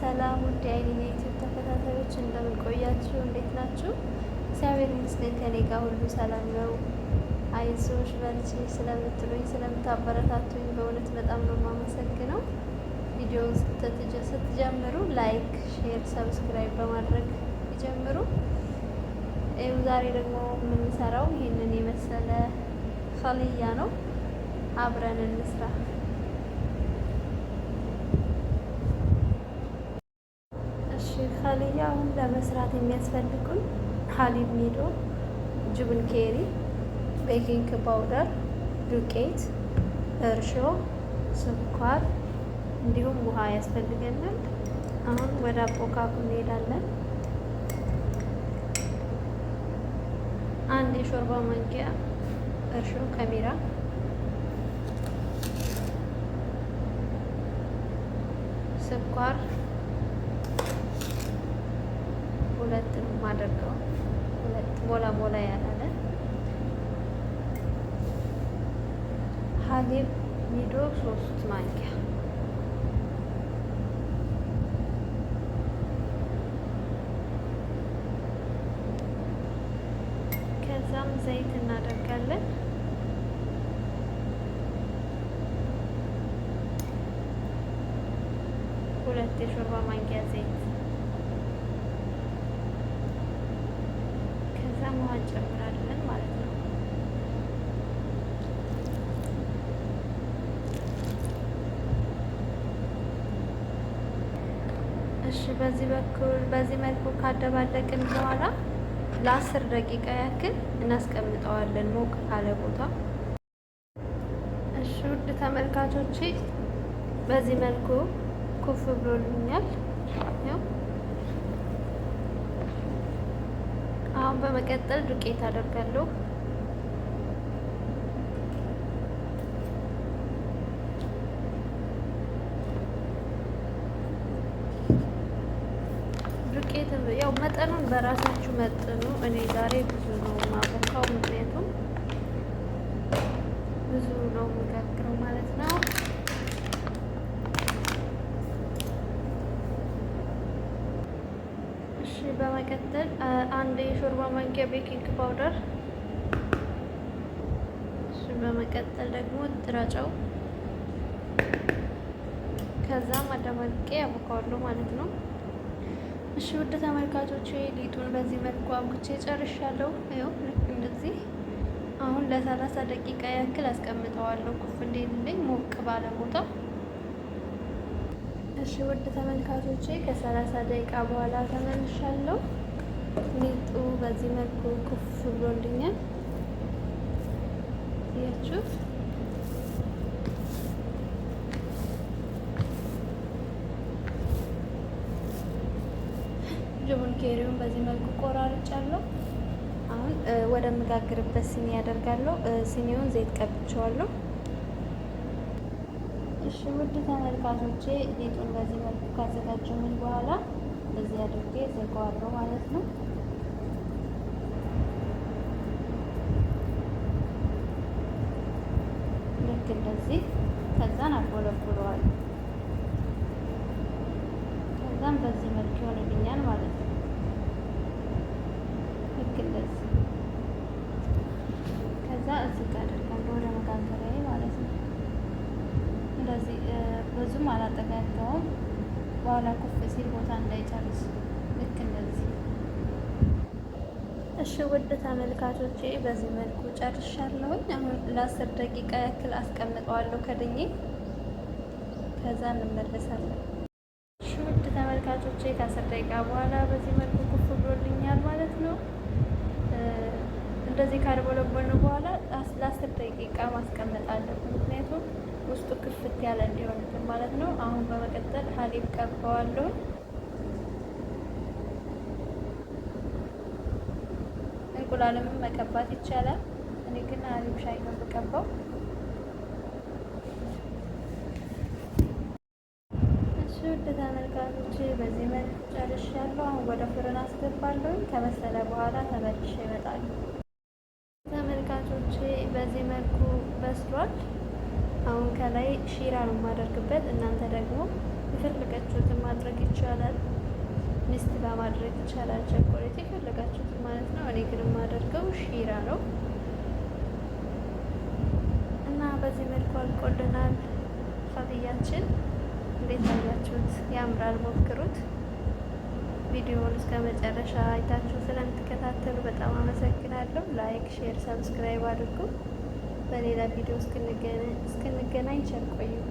ሰላም ውድ አይኔ ዩቲዩብ ተከታታዮች እንደምን ቆያችሁ? እንዴት ናችሁ? እግዚአብሔር ይመስገን ከኔ ጋር ሁሉ ሰላም ነው። አይዞሽ በርቺ ስለምትሉኝ ስለምታበረታቱኝ በእውነት በጣም ነው የማመሰግነው። ቪዲዮውን ስትጀምሩ ላይክ፣ ሼር፣ ሰብስክራይብ በማድረግ ይጀምሩ። ይኸው ዛሬ ደግሞ የምንሰራው ይህንን የመሰለ ኸልያ ነው። አብረን እንስራ። አልያ አሁን ለመስራት የሚያስፈልጉን ሀሊብ ሚዶ፣ ጅብን ኬሪ፣ ቤኪንግ ፓውደር፣ ዱቄት፣ እርሾ፣ ስኳር እንዲሁም ውሃ ያስፈልገናል። አሁን ወደ አቦካኩ እንሄዳለን። አንድ የሾርባ ማንኪያ እርሾ ከሚራ ስኳር ማደርገው ቦላ ቦላ ያላለ ሀሊብ ሚዶ ሶስት ማንኪያ ከዛም ዘይት እናደርጋለን። ሁለት የሾርባ ማንኪያ ዘይት እሺ በዚህ በኩል በዚህ መልኩ ካደባለቅን በኋላ ለአስር ደቂቃ ያክል እናስቀምጠዋለን ሞቅ ካለ ቦታ። እሺ ውድ ተመልካቾቼ በዚህ መልኩ ኩፍ ብሎልኛል። አሁን በመቀጠል ዱቄት አደርጋለሁ። ዱቄት ያው መጠኑን በራሳችሁ መጥኑ እኔ ዛሬ ብዙ ነው ማቦካው፣ ምክንያቱም ብዙ ነው መጋግረው ማለት ነው። እሺ፣ በመቀጠል አንድ የሾርባ ማንኪያ ቤኪንግ ፓውደር። እሺ፣ በመቀጠል ደግሞ ጥራጨው ከዛም አደባልቄ ያቦካዋለሁ ማለት ነው። እሺ ውድ ተመልካቾች ሊጡን በዚህ መልኩ አቡክቼ ጨርሻለሁ። ይኸው ልክ እንደዚህ አሁን ለሰላሳ ደቂቃ ያክል አስቀምጠዋለሁ ኩፍ እንዲልልኝ ሞቅ ባለ ቦታ። እሺ ውድ ተመልካቾች ከሰላሳ ደቂቃ በኋላ ተመልሻለሁ። ሊጡ በዚህ መልኩ ኩፍ ብሎልኛል። ያችሁት ቴሪውን በዚህ መልኩ ቆራርጫለሁ። አሁን ወደምጋግርበት ሲኒ ያደርጋለሁ። ሲኒውን ዘይት ቀብቸዋለሁ እሺ ውድ ተመልካቾቼ ሊጡን በዚህ መልኩ ካዘጋጀሁኝ በኋላ በዚህ አድርጌ ዘጋዋለሁ ማለት ነው። ልክ እንደዚህ ከዛን አጎለጉለዋል። ከዛም በዚህ መልክ ይሆንልኛል ማለት ነው። ልክ እንደዚህ ከዛ እዚህ ጋር አደርጋለሁ ወደ መጋገሪያዬ ማለት ነው። እንደዚህ ብዙም አላጠጋጋውም፣ በኋላ ኩፍ ሲል ቦታ እንዳይጨርስ ልክ እንደዚህ። እሺ ውድ ተመልካቾቼ በዚህ መልኩ ጨርሻለሁኝ። አሁን ለአስር ደቂቃ ያክል አስቀምጠዋለሁ ከድኜ፣ ከዛ እንመለሳለን። አድርሼ ከአስር ደቂቃ በኋላ በዚህ መልኩ ኩፍ ብሎልኛል ማለት ነው። እንደዚህ ካደበለበልን በኋላ ለአስር ደቂቃ ማስቀመጥ አለብን፣ ምክንያቱም ውስጡ ክፍት ያለ እንዲሆንብን ማለት ነው። አሁን በመቀጠል ሀሊብ ቀባዋለሁ። እንቁላልም መቀባት ይቻላል። እኔ ግን ሀሊብ ሻይ ነው የምቀባው። ውድ ተመልካቾች በዚህ መልኩ ጨርሻለሁ። አሁን ወደ ፍርን አስገባለሁ። ከበሰለ በኋላ ተመልሼ እመጣለሁ። ተመልካቾች በዚህ መልኩ በስሏል። አሁን ከላይ ሺራ ነው የማደርግበት። እናንተ ደግሞ የፈለጋችሁትን ማድረግ ይቻላል። ሚስት በማድረግ ይቻላል። ቸኮሌት የፈለጋችሁትን ማለት ነው። እኔ ግን የማደርገው ሺራ ነው እና በዚህ መልኩ አልቆልናል ፋትያችን እንዴት አያችሁት? ያምራል፣ ሞክሩት። ቪዲዮውን እስከ መጨረሻ አይታችሁ ስለምትከታተሉ በጣም አመሰግናለሁ። ላይክ፣ ሼር፣ ሰብስክራይብ አድርጉ። በሌላ ቪዲዮ እስክንገናኝ ቸር ቆዩልኝ።